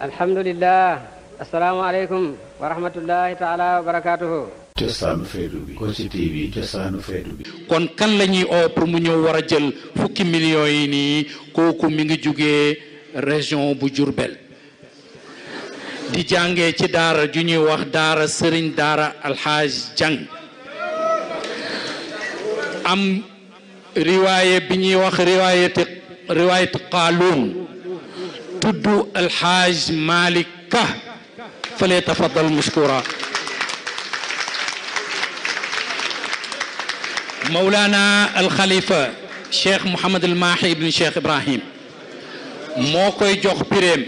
alhamdulillah asalaamaaleykum wa rahmatullahi taala wa kon kan la ñuy mu ñëw war a jël fukki millions yi nii kooku mi ngi jugee région bu Diourbel di jàngee ci daara ju ñuy wax daara sëriñ daara alxaaj jàng am riwaaye bi ñuy wax riwaayati riwaayati تدو الحاج مالك فليتفضل مشكورا مولانا الخليفة شيخ محمد الماحي بن شيخ إبراهيم موكوي جوخ بريم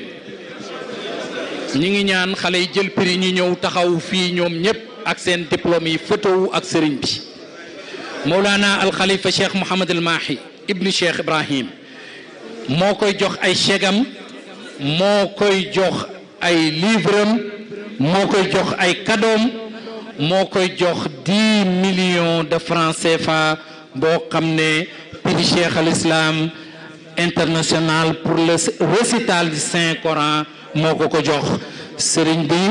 نيغي نان خالي جيل بري ني نيو تاخاو في نيوم نيب اك ديبلومي فوتو اكسرين بي مولانا الخليفة شيخ محمد الماحي ابن شيخ إبراهيم موكوي جوخ أي شيغام moo koy jox ay livre moo koy jox ay kadoom moo koy jox dix millions de francs CFA boo xam ne prix Cheikh al Islam international pour le récital du Saint Coran moo ko ko jox sëriñ bi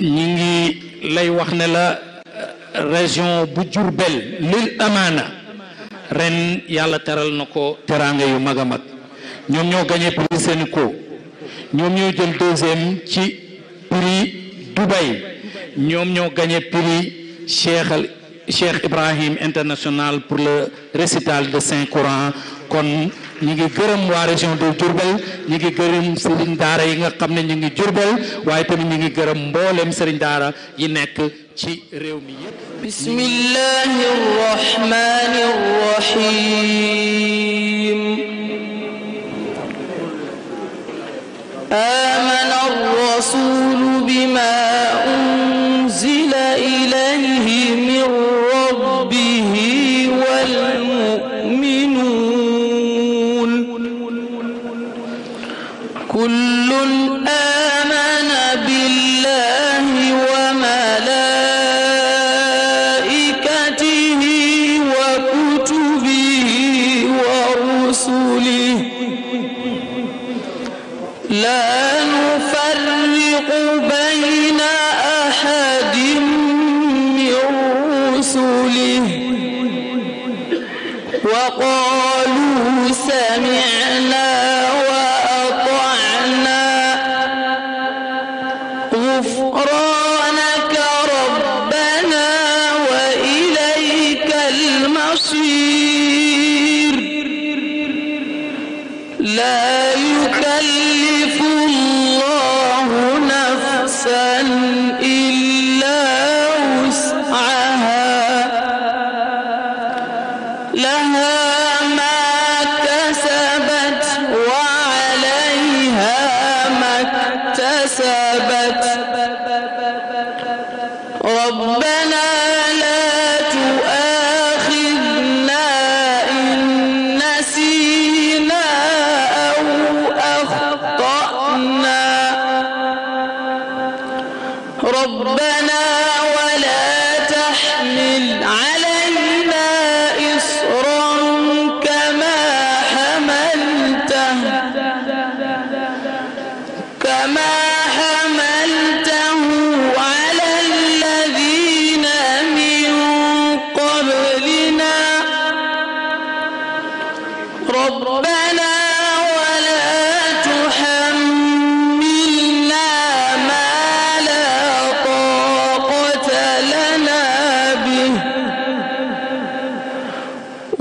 ñi ngi lay wax ne la euh, région bu Diourbel lil amaana ren yàlla teral na ko teraanga yu mag a mag ñoom ñoo gagné prix Sénico ñom ñoo jël deuxième ci prix Dubaï ñom ñoo gagné prix Cheikh Cheikh Ibrahim international pour le récital de Saint-Coran kon ñi ngi gërëm wa région de djourbel ñi ngi gërëm serigne dara yi nga xamné ñi ngi djourbel waye tamit ñi ngi gërëm mbolém serigne dara yi nekk ci réew mi yëpp bismillahir rahmanir rahim الرسول بما أنزل إليه من ربه والمؤمنون كل آمن غفرانك ربنا وإليك المصير لا يكلف الله نفسا إلا وسعها لها ذهبت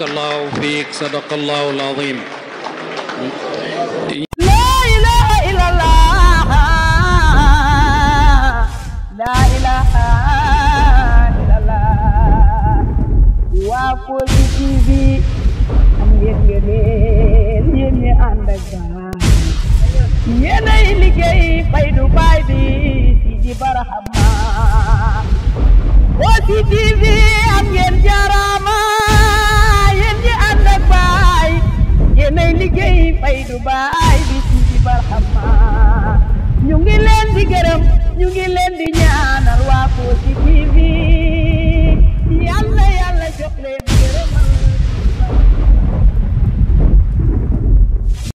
barakallahu fiik sadaqallahu alazim la ilaha illallah la ilaha illallah Wakoly TV am ngeen ngeen yéen ñi ànd ak baa yéenay liggéey Faydu Baay bi ci di Barhama Kossy TV ñu ngi leen di ñaanal waa Kossy